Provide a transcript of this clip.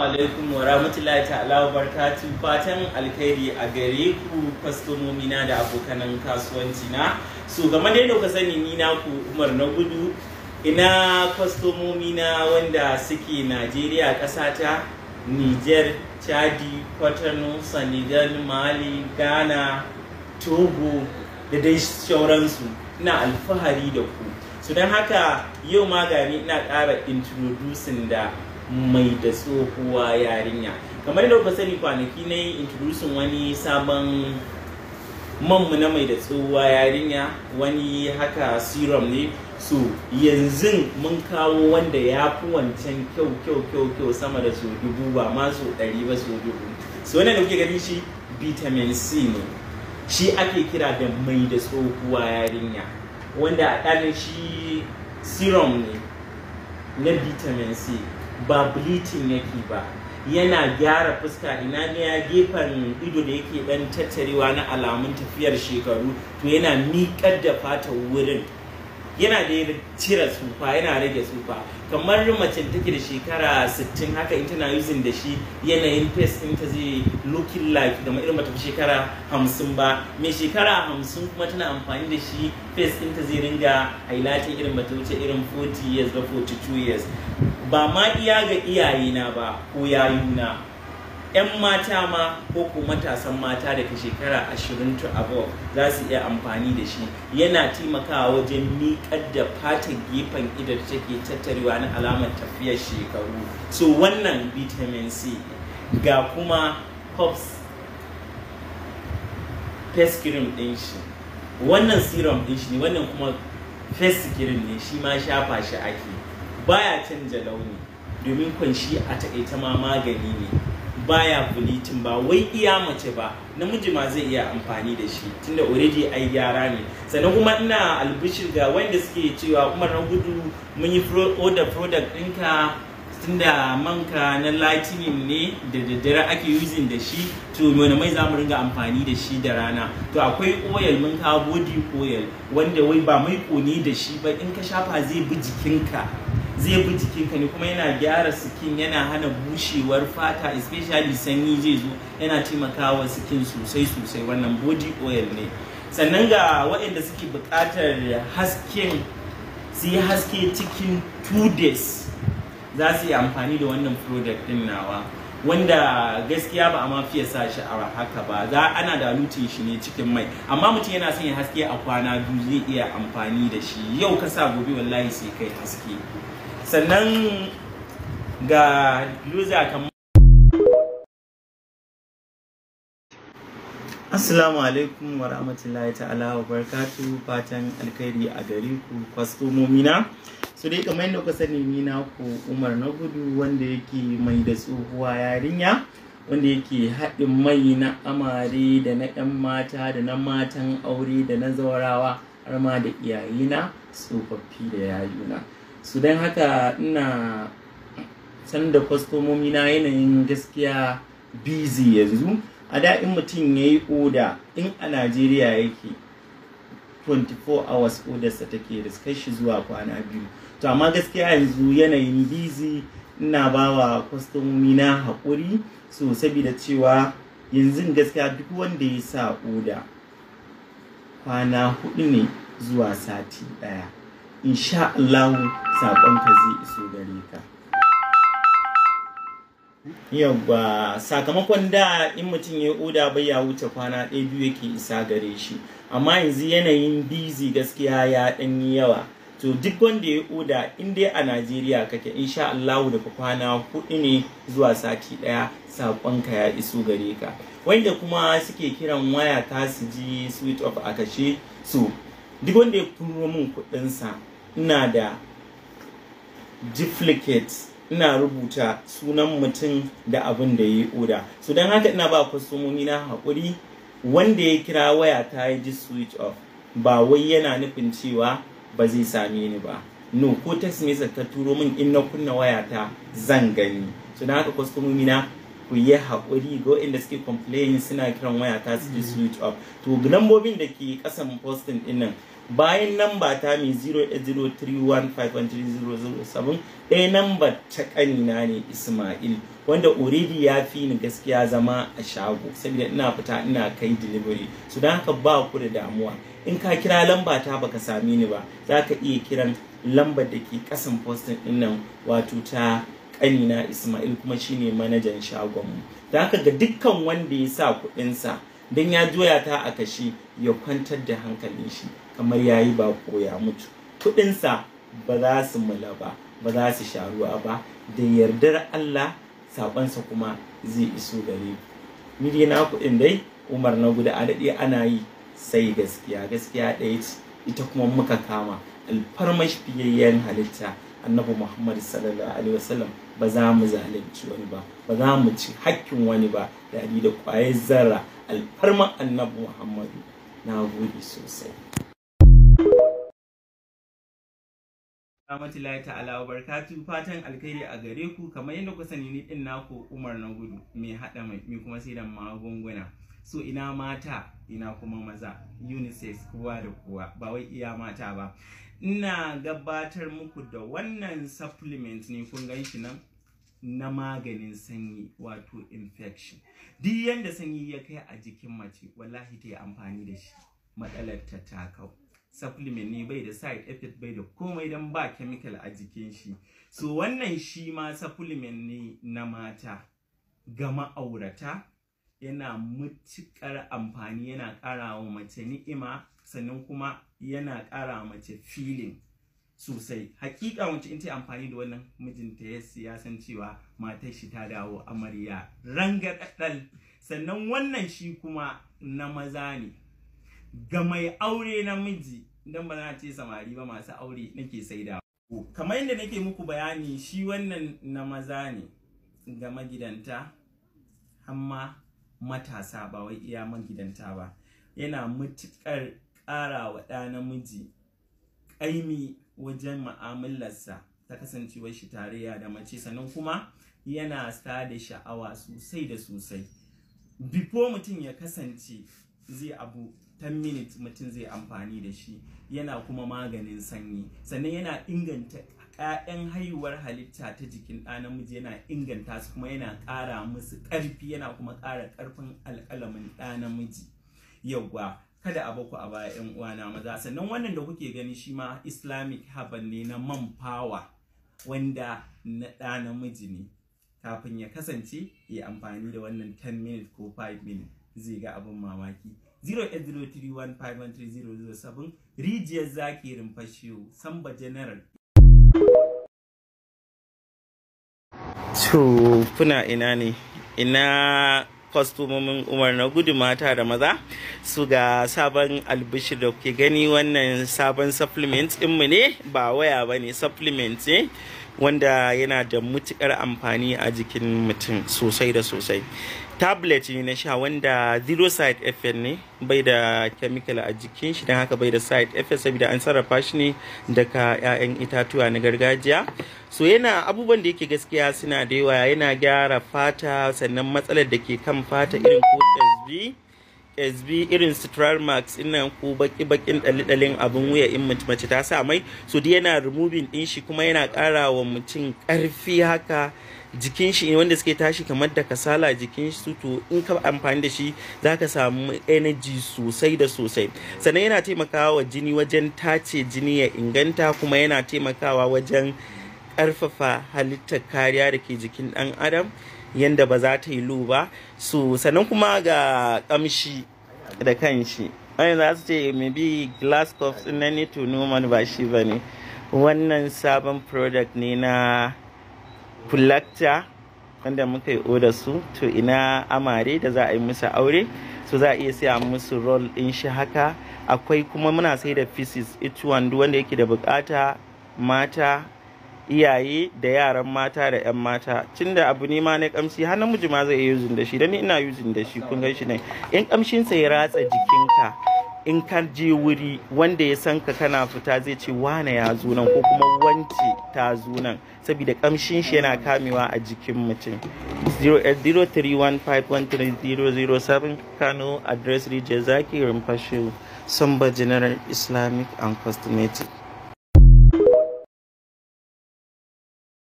alaikum wa rahmatullahi ta'ala wa barkatu fatan alkhairi a gare ku kwastomomi na da abokanan kasuwanci na so game da yadda sani ni na ku umar na gudu ina kwastomomi na wanda suke najeriya ƙasa ta niger chadi kwatano senegal mali ghana togo da dai sauransu ina alfahari da ku so don haka yau magani ina ƙara introducing da mai da tsohuwa yarinya kamar da kuka sani kwanaki na yi introducin wani sabon manmu na mai da tsohuwa yarinya wani haka serum ne so yanzu mun kawo wanda ya fi wancan kyau kyau kyau kyau sama da so dubu ba ma so ɗari ba so dubu so wannan da kuke gani shi vitamin c ne shi ake kira da mai da tsohuwa yarinya wanda a ɗanin shi serum ne na vitamin c ba bleaching yake ba yana gyara fuska ina ne ya gefen ido da yake dan tattarewa na alamun tafiyar shekaru to yana miƙar da fata wurin yana da cire tsufa yana rage tsufa kamar macen take da shekara 60 haka in tana using da shi yanayin face din ta zai looking like kamar irin mata shekara 50 ba mai shekara 50 kuma tana amfani da shi face din ta zai ringa highlighting irin mata wuce irin 40 years ba 42 years ba ma iya ga iyayena ba ko yayuna 'yan mata ma ko ko matasan mata da ke shekara 20 to above za su iya amfani da shi yana taimakawa wajen miƙar da fata gefen ido take tattarewa na alamar tafiyar shekaru so wannan vitamin c ga kuma pops face cream din shi wannan serum din shi ne wannan kuma face cream ne shi ma shafa shi ake baya canja launi domin kunshi a taƙaita ma magani ne baya bulitin ba wai iya mace ba namiji ma zai iya amfani da shi tunda already ai gyara ne sannan kuma ina albishir ga wanda suke cewa kuma na gudu mun yi order product ɗinka tunda manka na lightning ne da daddare ake using da shi to wani mai za mu ringa amfani da shi da rana to akwai oil mun kawo body oil wanda wai ba mai kone da shi ba in ka shafa zai bi jikinka zai bi jikinka ne kuma yana gyara skin yana hana bushewar fata especially sanyi zai zo yana taimakawa skin sosai sosai wannan body oil ne sannan ga waɗanda suke buƙatar hasken su yi haske cikin 2 days za su yi amfani da wannan product ɗin nawa wanda gaskiya ba a ma fiye sa shi a haka ba za ana da lutin shi ne cikin mai amma mutum yana son ya haske a kwana biyu zai iya amfani da shi yau ka sa gobe wallahi sai kai haske sannan ga user kan Assalamu alaikum wa rahmatullahi ta'ala wa barkatu fatan alkhairi a gari ku kwastomomi na su dai kamar yadda kuka sani ni na ku Umar na gudu wanda yake mai da tsohuwa yarinya wanda yake haɗin mai na amare da na 'yan mata da na matan aure da na zaurawa har ma da iyayena tsofaffi da yayuna. su don haka ina san da kwastomomi na yanayin gaskiya busy yanzu a da'in mutum ya yi oda in a najeriya yake 24 hours odarsa take da shi zuwa kwana biyu to amma gaskiya yanzu yanayin busy ina ba wa kwastomomi na haƙuri so saboda cewa yanzu gaskiya duk wanda ya sa oda kwana hudu ne zuwa sati ɗaya insha Allahu saƙonka zai iso gare ka yawwa sakamakon da in mutum ya oda bai ya wuce kwana ɗaya biyu yake isa gare shi amma yanzu yanayin busy gaskiya ya ɗan yi yawa to duk wanda ya oda in dai a najeriya kake insha allahu daga kwana hudu ne zuwa sati ɗaya saƙonka ya iso gare ka wanda kuma suke kiran waya ta su ji sweet of akashe su duk wanda ya turo min kuɗinsa ina da duplicates ina rubuta sunan mutum da abin da ya yi oda so don haka ina ba kwastomomi na haƙuri wanda ya kira waya ta yi ji switch off ba wai yana nufin cewa ba zai same ni ba no ko ta message ta turo min in na kunna waya ta zan gani so don haka kwastomomi na ku yi haƙuri ga waɗanda suke complain suna kiran waya ta su ji mm. switch off to lambobin da ke ƙasan posting ɗin bayan namba ta mai 0803151007 ɗaya namba ta ƙanina ne Ismail wanda already ya fi ni gaskiya zama a shago saboda ina fita ina kai delivery su don haka ba ku da damuwa in ka kira lamba ta baka sami ni ba za ka iya kiran lambar da ke ƙasan postin din nan wato ta ƙanina Ismail kuma shine manajan mu. don haka ga dukkan wanda ya sa kuɗinsa don ya juya ta a kashe, ya kwantar da hankalin shi kamar yayi ba ko ya mutu kuɗinsa ba za su mula ba ba za su sha ruwa ba da yardar Allah sabansa kuma zai iso gare ni dai na kuɗin dai Umar na guda a daɗe ana yi sai gaskiya gaskiya ɗaya ce ita kuma muka kama alfarma fiyayyen halitta annabi muhammad sallallahu alaihi wasallam ba za mu zalunci wani ba ba za mu ci hakkin wani ba da da kwaye zarra alfarman annabi muhammadu na gode sosai rahmatullahi ta'ala wa barkatu. fatan alkhairi a gare ku kamar yadda ku sani ni din naku Umar na gudu mai hada mai kuma da magunguna so ina mata ina kuma maza unisex kowa da kowa ba wai iya mata ba ina gabatar muku da wannan supplement ne kun gan shi nan na maganin sanyi wato infection duk yanda sanyi ya kai a jikin mace wallahi ta yi amfani da shi matsalar ta ta kau supplement ne bai da side effect bai da komai don ba chemical a jikin shi so wannan shi ma supplement ne na mata ga ma'aurata yana matuƙar amfani yana ƙara wa mace ni'ima sannan kuma yana ƙara mace feeling sosai hakika wacce in ta yi amfani da wannan mijinta ya siyasan san cewa matar shi ta dawo amarya rangadaddal sannan wannan shi kuma na maza ne ga mai aure namiji dan ba na ce samari ba masu aure nake saida kamar yadda nake muku bayani shi wannan na maza ne ga magidanta amma matasa ba wai iya magidanta ba yana matuƙar ƙara wa ɗa namiji ƙaimi wajen ma'amalarsa ta kasancewar shi tarayya da mace sannan kuma yana sa da sha'awa sosai da sosai bifo mutum ya kasance zai abu 10 minutes mutum zai amfani da shi yana kuma maganin sanyi sannan yana inganta ƴaƴan haihuwar halitta ta jikin ɗa namiji yana inganta su kuma yana ƙara musu ƙarfi yana kuma ƙara ƙarfin alƙalamin ɗa namiji yauwa kada a baku a baya ƴan uwana maza sannan wannan da kuke gani shi ma islamic haban ne na man fawa wanda na ɗa namiji ne kafin ya kasance ya amfani da wannan 10 minutes ko 5 minutes zai ga abin mamaki 08031513007 rijiyar zaki fashiyo samba general kuna ina ne ina kwastomomin umar na gudu mata da maza su ga sabon albishir da kuke gani wannan sabon supplement mu ne ba waya ba ne supplement ne wanda yana da mutukar amfani a jikin mutum sosai da sosai tablet ne na sha wanda zero side effect ne bai da chemical a jikin shi don haka bai da side effect saboda an sarrafa shi ne daga 'ya'yan itatuwa na gargajiya so yana abubuwan da yake gaskiya suna da yawa yana gyara fata sannan matsalar da ke kan fata irin ko tasbi SB irin stral max ina ko baki bakin dalilin abin wuya in mace ta sa mai so yana removing din shi kuma yana ƙara wa mutum karfi haka jikin shi wanda suke tashi kamar da kasala jikin shi to in ka amfani da shi za ka samu energy sosai da sosai sannan yana taimakawa wa jini wajen tace jini ya inganta kuma yana taimakawa wajen ƙarfafa halittar kariya da ke jikin ɗan adam yadda ba za ta yi lu ba so sannan kuma ga kamshi da kanshi wani za su ce maybe glass cups in any to man ba shi ba ne wannan sabon product ne na fulacca wanda muka yi oda su to ina amare da za a yi musu aure su za a iya siya musu rol. In shi haka akwai kuma muna sai da pieces each one wanda yake da bukata mata iyaye da yaran mata da yan mata Cin da abu ne ma na kamshi har namiji ma zai iya yuzin da shi dan ina yuzin da shi kun gan shi ne in kamshin sa ya ratsa jikinka in ka je wuri wanda ya san ka kana fita zai ce wane ya zo nan ko kuma wance ta zo nan saboda kamshin shi yana kamewa a jikin mutum 031513007 eh, Kano address Rijiyar Zaki Rumfashewu Samba General Islamic and Cosmetic